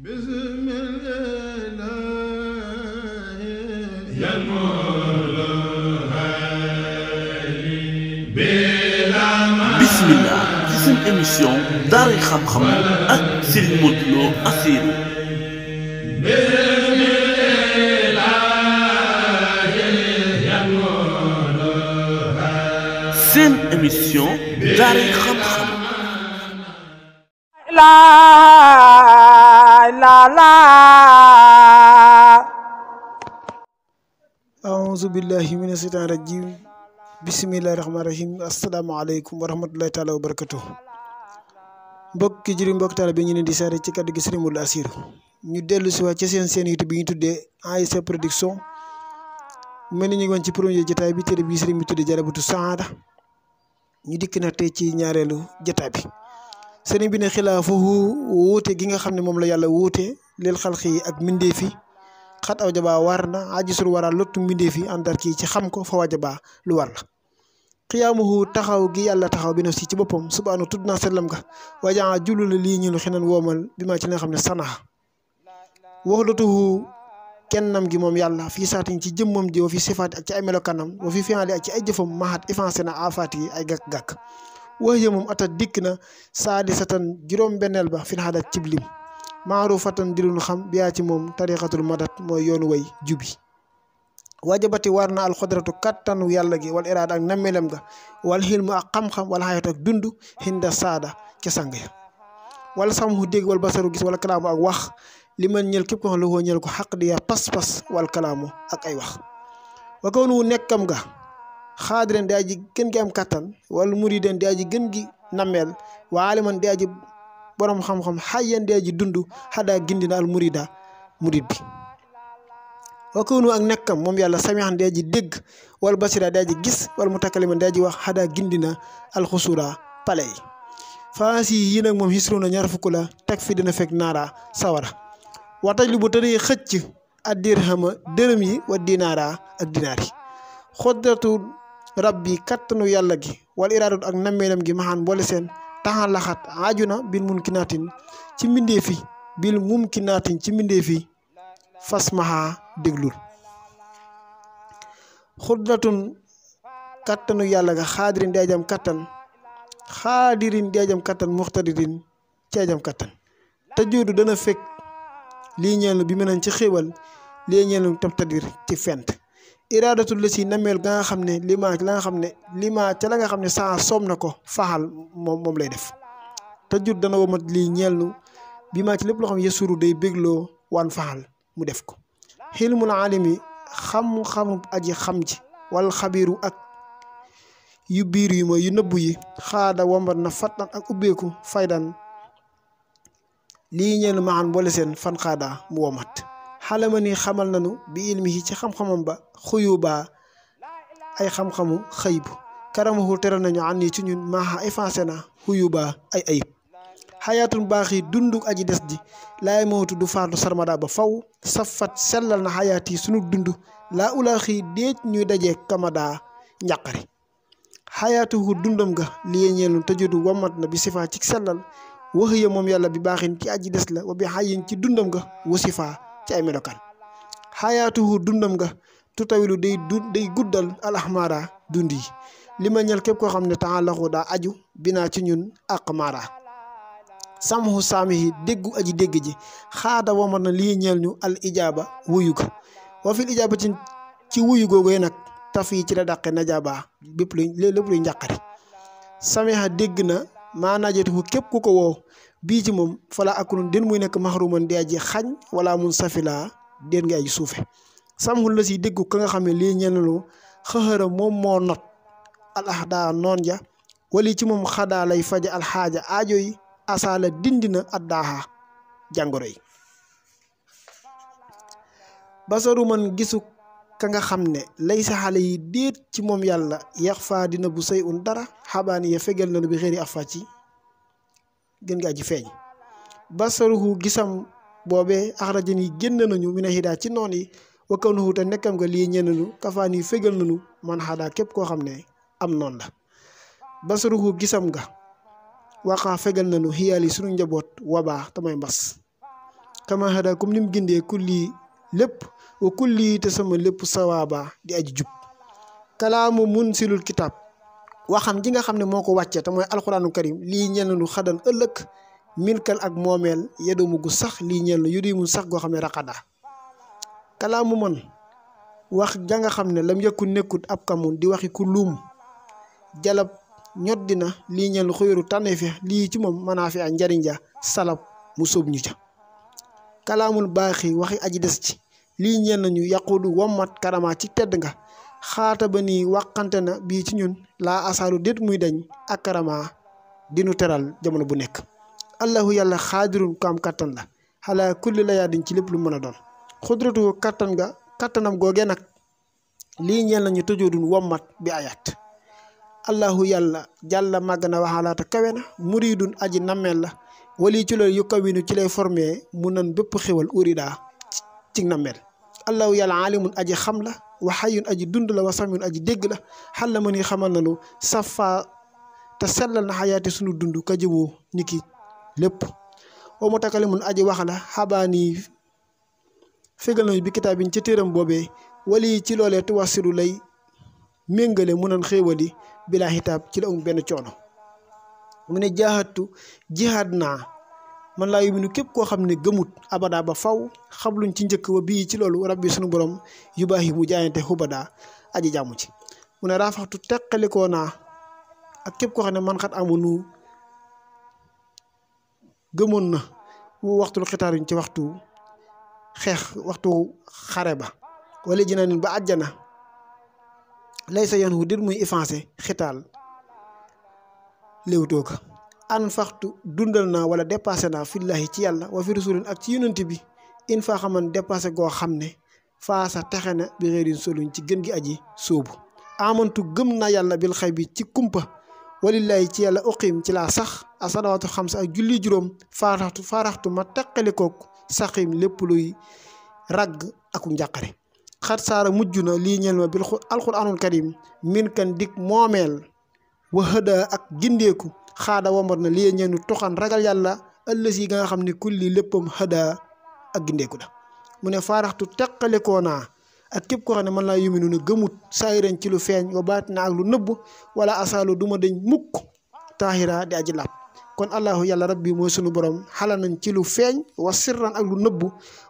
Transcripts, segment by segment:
bismillah ci seen émission daaray xam-xam ak Serigne Modou Lo Assirou seen émission daaray xam-xam لا لا أعوذ بالله من الشيطان الرجيم بسم الله الرحمن الرحيم السلام عليكم ورحمة الله تعالى وبركاته mbokki jëriñ mbokk taal bi ñu leen di saare ci kaddu gi sëriñ Modou Assirou ñu dellu si waat ci seen seen YouTube bi ñu tuddee ASC production mel ni ñu ngi woon ci premier jotaay bi téere bi sëriñ bi tuddee jarabatu saada ñu dikk na tey ci ñaareelu jotaay bi sëriñ bi ne xilaafahu wuute gi nga xam ne moom la yàlla wuute lil xalq yi ak mbindeef yi xat aw jabaa war na ajisul waral lottu mbindeef yi àndar kii ci xam ko fa wajabaa lu war la xiyaamuhu taxaw gi yàlla taxaw bi nafsi ci boppam subhaana tudd naa sellam nga wajaa jullu la lii ñu lu xeneen woomal bi maa ci li nga xam ne sanaa waxlatuhu nam gi moom yàlla fii saatin ci jëmmam ji wa fi sifaati ak ci ay melokanam wa fi fiyaali ak ci ay jëfam mahat effacé na afaat yi ay gàkk-gàkk wax ya moom dikk na saadisatan juróom-benneel ba fil xadat cib lim maarufatan di luñ xam biyaa ci moom tariqatul madat mooy yoonu way jubi wajabati war na alxodratu kattanu yàlla gi wal iraada ak nammelam ga wal xilmu ak xam-xam wala xayat ak dund xinda saada ca sang ya wala samhu dégg wala basaru gis wala kalaamu ak wax li man ñël képp ko xam la ñël ko xaq di yaa pas-pas wal kalaamu ak ay wax wa kawnu nekkam ga xaadiran di aji gën gi am kattan wala muridan di aji gën gi nammeel waa aliman di aji borom xam-xam xayyan di aji dund xadaa gindina al murida murid bi wakkunu ak nekkam moom yàlla samihan di aji dégg wala basira di aji gis wala mutakaliman di aji wax xadaa gindina al xusura pale yi faransi yi nag moom hisru na ñaar fukk la teg fi dina fekk naara sawara waxtaj lu bu tëddee xëcc ak dirhama dërëm yi wa dinaara ak dinaar yi xoddatu bi kattanu yàlla gi wala iraadatu ak nammeelam gi maxaan boole seen taxan laxat aaju na bil mumkinaatin ci mbindee fi bil ci mbindee fi fas maxaa déglul xuddatun kattanu yàlla ga xaadirin di ajam kattan xaadirin di ajam kattan muxtadirin ci ajam kattan te dana fekk lii ñeenu bi menañ ci xéewal lii ñeenu tam tadir ci fent iraadatu la si nameel ga nga xam ne lima la nga xam ne lima ca la nga xam ne saa soom na ko faxal moom moom lay def te jur dana womat lii ñeelnu bi maa ci lépp loo xam ne yasuru day bégloo waan faxal mu def ko xilmul alimi xam-xamu aji xam ji wal xabiiru ak yu biir yu mooy yu nëbb yi xaada wambat na fattan ak ubbeeku faydan lii ñeenu maan boole seen fan xaada mu womat xalama ni xamal nanu bi ilmihi ci xam-xamam ba xuyubaa ay xam-xamu xëybu karamahu teral nañu ànd ci ñun maaxa effacé na xuyubaa ay ayib xayaatun baax yi dunduk aji des ji laay mawtu du faatu sarmada ba faw fat sellal na xayaat yi sunu dund laa ulaaxi déet ñuy dajee kamadaa njàqari xayaatuhu dundam ga liye ñeelun tëjudu wamat na bi sifaa ci sellal wax ya moom yàlla bi baaxin ci aji des la wa bi xayin ci dundam ga wasifaa ci ay melokaan xayaatuhu dundam nga tutawilu day du day guddal alaxmaara dund yi lima ma képp koo xam ne temps laxu daa aju binaa ci ñun ak maara samhu saamihi déggu aji dégg ji xaada womat na lii ñeel ñu al ijaaba wuyu ko wa fil ijaaba ci ci wuyu googu nag taf ci la dàqe najaaba lépp luy njàqare samiha dégg na maa najatuhu képp ku ko woo bii ci moom fala akunun den muy nekk maxruman di aji xañ wala mun safila den nga aji suufe samhul la si déggu ka nga xam ne lii ñeneelu xëxëra moom moo not al ahdaa noon ja wali ci moom xadaa lay faja alxaaja aajo yi asaala dindi na addaaxa jàngoro yi basaru man gisu ka nga xam ne lay sa xale yi déet ci moom yàlla yax faa dina bu sëy un dara xabaan ya fegal na lu bi xëri afa ci gën gaa ji feeñ basaruhu gisam boobee axrajani génn nañu mina hidaa ci noon yi wakkanuhu te nekkam nga lii ñenn ñu kafaan yi fégal nañu man xaadaa képp koo xam ne am noonu la basaruhu gisam nga waxaa fegal nañu xiyaal yi sunu njaboot wabaa tamay mbas kama xadaa comme ni mu gindee kulli lépp ku kulli te sama lépp sawaaba di aji jub kalaamu mun silul kitaab waxam ji nga xam ne moo ko wàccee te mooy alxuraanu karim lii ñenn nu xadan ëllëg milkal ak moomeel yedumu gu sax lii ñenn yu di sax goo ne raqada kalaamu wax ja xam ne lam yëkku nekkut ab kamun di waxi ku jalab ñot dina lii ñenn xuyuru lii ci njariñ ja salab mu sóob ñu ca kalaamul baaxi waxi aji des ci lii ñenn ñu yaqudu wammat karama ci tedd nga xaata ba nii wàqante na bii ci ñun laa asaalu déet muy deñ akarama dinu teral jamono bu nekk allahu yàlla xaadirun ko kattan la xalaa kulli la yaa ci lépp lu mën a doon xudratu kattan ga kattanam googee nag lii ñeel nañu tëjoodun wommat bi ayaat allahu yàlla jàlla màgg na waxaalaata kawe na muridun aji nammeel la wali ci loolu yu kawinu ci lay formé mu nan bépp xéwal urida ci nammeel allahu yàlla alimun aji xam la wa xayun aji dund la sam samiyun aji dégg la xal la ma ni xamal na lu safaa te sellal na xayaati sunu dund ka jëwoo ni ki lépp wa mu takkale mun aji wax la xabaanii fegal nañu bi kitaab yi ci boobe boobee wali ci loolee tuwasilu lay méngale mu nan xéewali bilaa xitaab ci la um benn coono mu ne jaaxatu jihaad naa man laa yuminu képp koo xam ne gëmut abada ba faw xabluñ ci njëkk ba bii ci loolu rabbi suñu boroom yu baax yi mu jaayante xubada aji jàmm ci mu ne raafaxtu teqalikoo naa ak képp koo xam ne man xat amunu gëmoon na mu waxtul xitaar yuñ ci waxtu xeex waxtu xare ba walla ji naa ba àjjana lay sa yoon wu dir muy effacé xitaal léewtoo ka anfaxtu dundal naa wala dépassé naa fillahi ci yàlla wa fi ak ci yonent bi in faa xaman goo xam ne faa sa texe na bi réerin soluñ ci gën gi aji sóobu amantu gëm naa yàlla bil xay bi ci kumpa walillahi ci yàlla uqiim ci laa sax asalawaatu xam sa ak julli juróom faaraxtu faaraxtu ma teqalikook saxiim lépp luy ragg ak njàqare xat saara mujj na lii ñeel ma bil alxuraanul karim min kan dik moomeel wa hëdaa ak gindeeku xaada wambat na li ñeenu tuxaan ragal yàlla ëllësi yi nga xam ne kulli léppam xada ak gindeeku la mu ne faaraxtu teqalikoo ak képp koo xam ne man laa yuminu ne gëmut saayiran ci lu feeñ wa baat na ak lu nëbb wala asaalu du ma dañ mukk taahira di aji làpp kon allahu yàlla rabbi mooy sunu borom xala nañ ci lu feeñ wa sirran ak lu nëbb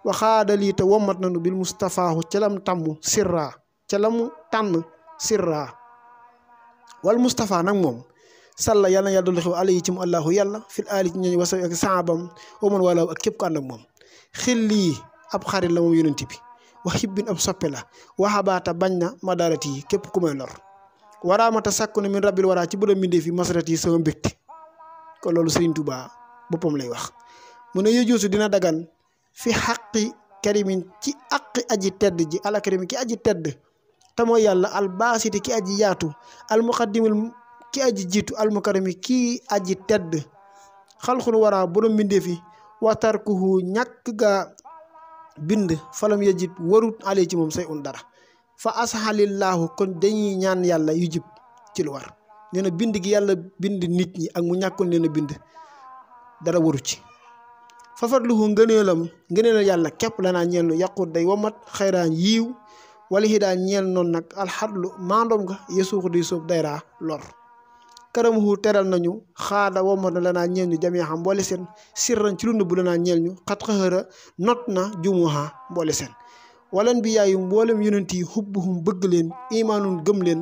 wa xaadalii te na nañu bil mustafaahu ca lam tàmm sirra ca lamu tànn sirra wal mustafa nag moom salla yàlla na yàlla dolli xew àll yi ci mu allahu yàlla fil aali ci ñooñu wasaw ak saabam waman wala képp ko ànd moom xil ab xarit la moom yonent bi wax hibbin ab soppe la waxabaata bañ na madaarati yi képp ku may lor waraamata sàkku na min rabbil waraa ci bëdam mbindee fi masarati yi sama mbégte kon loolu Sëriñ Tuubaa boppam lay wax mu ne yëjoosu dina dagan fi xaqi karimin ci aqi aji tedd ji ala karimin ki aji tedd te yàlla al ki aji yaatu al ki aji jiitu almukarami kii aji tedd xalxul wara borom mbindee fi waxtarkuhu ñàkk ga bind falam yajid warut ale ci moom say un dara fa asxalillaahu kon dañuy ñaan yàlla yu jib ci lu war nee na bind gi yàlla bind nit ñi ak mu ñàkkoon leen bind dara waru ci fafatluhu ngëneelam ngëneelal yàlla képp lanaa ñeel nu yàqut day wamat xayraan yiiw wala xi daan ñeel noonu nag alxatlu maandoom nga yesuux di soob dayraa lor karamuhu teral nañu xaada womat na lanaa ñeel ñu jamee xam mboole seen sirran ci lu bu lanaa ñeel ñu xat xaxëra not na jumuha mboole seen walan bi yaayu mboolem yonent yi xubbuhum bëgg leen imaanun gëm leen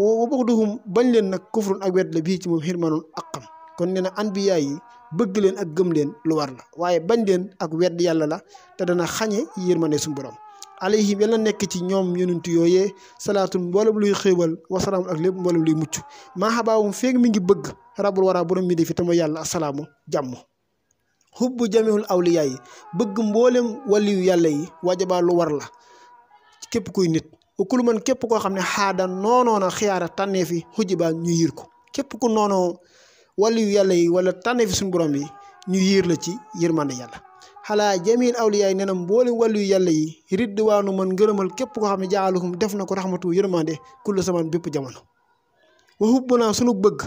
wa buxduhum bañ leen nag kufrun ak wet la bii ci moom xirmanun ak xam kon nee na an anbiya yi bëgg leen ak gëm leen lu war la waaye bañ leen ak wedd yàlla la te dana xañe yërmande suñu borom alayhim yal na nekk ci ñoom yonent yooyee salaatum mboolem luy xéewal wasalaam ak lépp mboolem luy mucc maaxabaawum feeg mi ngi bëgg rabul wara borom mi di fi tama yàlla asalaamu jàmm xubbu jamihul awliyaa bëgg mboolem waliyu yàlla yi wajabaa lu war la képp kuy nit ukul man képp koo xam ne xaada noonoo na xiyaara tànnee fi xujji baa ñu yiir ko képp ku noonoo waliyu yàlla yi wala tànnee fi suñu borom yi ñu yiir la ci yërmande yàlla xalaa jamiil awliyaay nee na mboolem yàlla yu yàlla yi ridwaanu man ngërëmal képp koo xam ne jaaluhum def na ko raxmatu yërmande kullu samaan bépp jamono wa hubbu naa sunu bëgg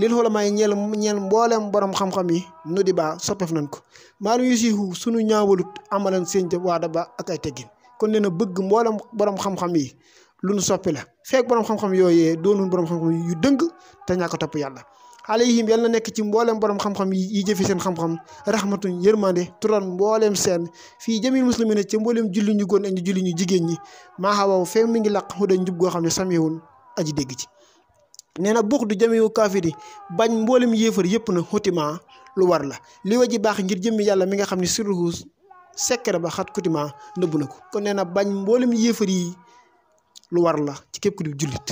lil xulamaa yi ñeel ñeel mbooleem borom xam-xam yi nu di baa soppeef nañ ko maalum yu siihu sunu ñaawalut amalan seen jëf waa daba ak ay teggin kon nee na bëgg mboolem borom xam-xam yi lu nu soppi la feek borom xam-xam yooyee doonul borom xam-xam yu dëng te ñàkk topp yàlla alayhim yal na nekk ci mbooleem borom xam-xam yi jëfi seen xam-xam rahmatun yërmande turan mbooleem seen fii jamil muslimina ci mbooleem julli ñu góor ak ñu julli ñu jigéen ñi maa xawaw fee mi ngi laq xuda njub goo xam ne samewun aji dégg ci nee na buux du jamiwu kaafiri bañ mboolem yéefar yëpp na xutima lu war la li ji baax ngir jëmmi yàlla mi nga xam ne sirruhu sekkere ba xat xutima nëbb na ko kon nee na bañ mboolem yéefar yi lu war la ci képp di jullit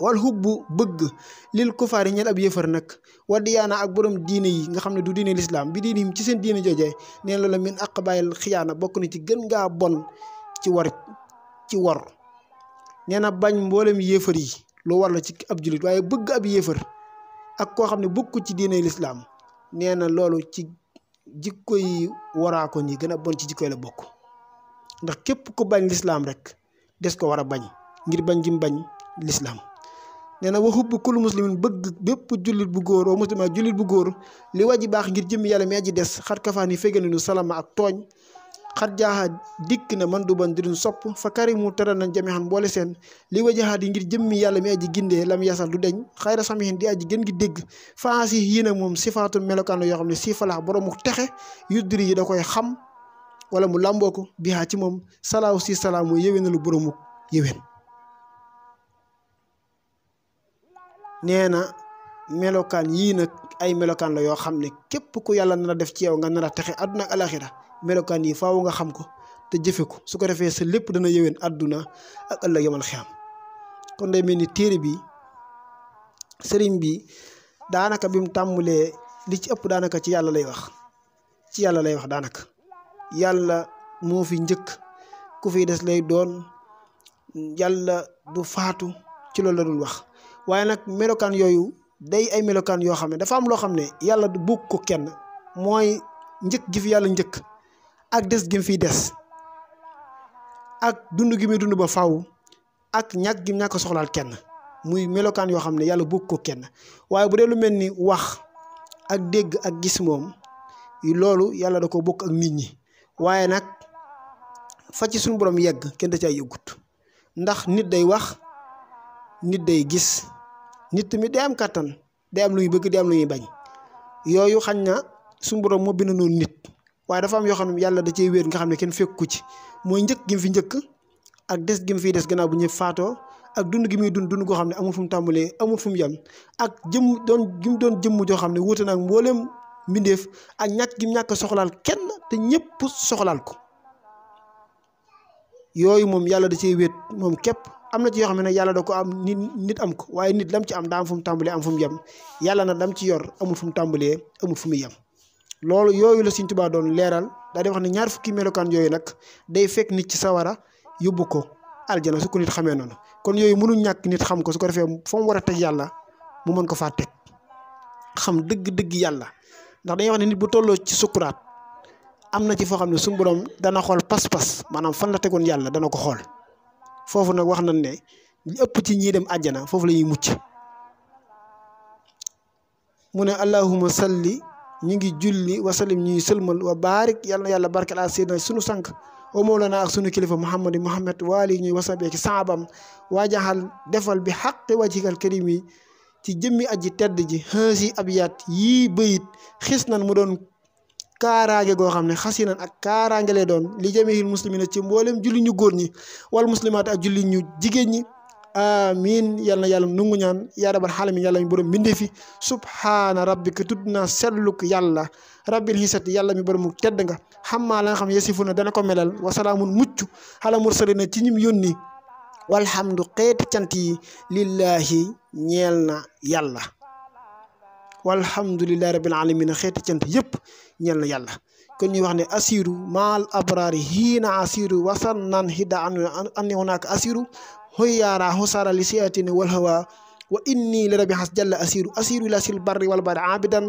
wal bu bëgg lil kufaar yi ñeel ab yëfar nag wa diyaana ak boroom diine yi nga xam ne du diine lislaam bi diine ci seen diine joojee neen loola min aqbayil xiyaana bokk na ci gën ngaa bon ci war ci wor na bañ mboolem yéefar yi lu war ab jullit waaye bëgg ab yéefar koo xam ne bokku ci diine lislaam nee na loolu ci jikko yi waraako yi gën a bon ci jikko yi la bokk ndax képp ko bañ lislaam rek des ko war a bañ ngir bañ gi mu bañ lislaam nee na waxubb kul muslimin bëgg bépp jullit bu góor wa muslima jullit bu góor li waji baax ngir jëmmi yàlla mi aji des xat kafaan yi fegale nu salama ak tooñ xat dikk na man du ban diruñ sopp fa karimu tere nañ jamexan boole seen li wajaxaat yi ngir jëmmi yàlla mi aji gindee lam yasal du deñ xayra samixin di aji gën gi dégg faansi yii na moom sifaatu melokaan yoo xam ne si falaax boroomu texe yuddiri yi da koy xam wala mu làmboo ko bihaa ci moom salaaw si salaam mooy yéwénalu boroomu yéwén nee na melokaan yii nag ay melokaan la yoo xam ne képp ku yàlla nar a def ci yow nga nar a texe àdduna ak alaxira melokaan yi faaw nga xam ko te jëfe ko su ko defee sa lépp dana yëwén àdduna ak ëllëg yamal xiyam kon day mel ni téere bi sëriñ bi daanaka bi mu tàmbalee li ci ëpp daanaka ci yàlla lay wax ci yàlla lay wax daanaka yàlla moo fi njëkk ku fi des lay doon yàlla du faatu ci loolu la dul wax waaye nag melokaan yooyu day ay melokaan yoo xam ne dafa am loo xam ne yàlla du bukk ko kenn mooy njëkk gi fi yàlla njëkk ak des gi mu fiy des ak dund gi muy dund ba faw ak ñàkk gi mu ñàkk soxlaal kenn muy melokaan yoo xam ne yàlla bukk ko kenn waaye bu dee lu mel ni wax ak dégg ak gis moom loolu yàlla da ko bokk ak nit ñi waaye nag fa ci suñu borom yegg kenn da ay yëgut ndax nit day wax nit day gis nit tamit day am kàttan day am lu muy bëgg day am lu muy bañ yooyu xañ na suñu borom moo bind noonu nit waaye dafa am yoo xam ne yàlla da cee wéer nga xam ne kenn fekku ci mooy njëkk gi mu fi njëkk ak des gi mu fiy des gannaaw bu ñu faatoo ak dund gi muy dund dund goo xam ne amul fu mu tàmbalee amul fu mu yem ak jëm doon gi mu doon jëmm joo xam ne wuute na ak mbooleem mbindeef ak ñàkk gi mu ñàkk soxlaal kenn te ñëpp soxlaal ko yooyu moom yàlla da cee wéet moom képp am na ci yoo xam ne yàlla da ko am nit nit am ko waaye nit lam ci am daa am fu mu tàmbalee am fu mu yem yàlla nag lam ci yor amul fu mu tàmbalee amul fu mu yem loolu yooyu la Sëriñ Tuubaa doon leeral daa di wax ne ñaar fukki melokaan yooyu nag day fekk nit ci sawara yóbbu ko aljana su ko nit xamee noonu kon yooyu mënul ñàkk nit xam ko su ko defee fa mu war a teg yàlla mu mën ko faa teg xam dëgg-dëgg yàlla ndax dañu wax ne nit bu tolloo ci sukkuraat am na ci foo xam ne suñu borom dana xool pas-pas maanaam fan la tegoon yàlla dana ko xool foofu nag wax nañ ne ëpp ci ñii dem àjjana foofu la ñuy mucc mu ne allahuma salli ñu ngi julli wa sallim ñuy sëlmal wa baarik yàlla na yàlla barkeel a seydina sunu sànq wa mawlana ak sunu kilifa muhammadi muhammad waali ñuy wasabee ci saabam waajaxal defal bi xaqi wajikal karim yi ci jëmmi aji tedd ji xënsi ab yaat yii bëyit xis nan mu doon kaaraange goo xam ne xasinan ak kaaraange lay doon li jamihil muslimina ci mboolem julli ñu góor ñi wal muslimaat ak julli ñu jigéen ñi amin yal na yàlla nungu ñaan yaa rabal xaalamiin yàlla mi borom mbindee fi subhaana rabbika tudd naa selluk yàlla rabbil xisati yàlla mi borom mu tedd nga xammaa la nga xam ne yasifu na dana ko melal wasalaamun mucc ala mursalina ci ñim yónni walhamdu xeeti cant yi lillahi ñeel na yàlla walhamdulillahi rabbil alamin xeeti cant yëpp ñeel na yàlla kon ñuy wax ne asiru maal abraari hiina asiru wasan naan hidda an hunaaka asiru hoyyaara hosaara li siyaatini wal hawa wa inni li rabbi xas jalla asiru asiru ila sil barri wal bari abidan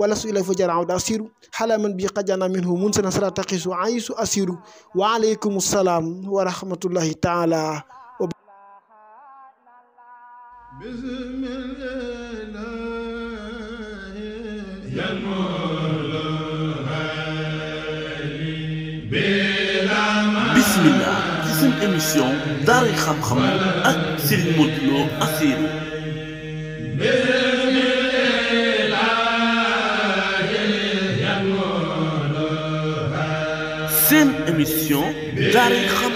wala su ila fajar awda asiru xala man bi xajana minhu mun sana sara taqisu aysu asiru wa aleykum salaam wa rahmatullahi bismillah ci seen émission daaray xam-xam ak Serigne Modou Lo Assirou seen émission daaray xam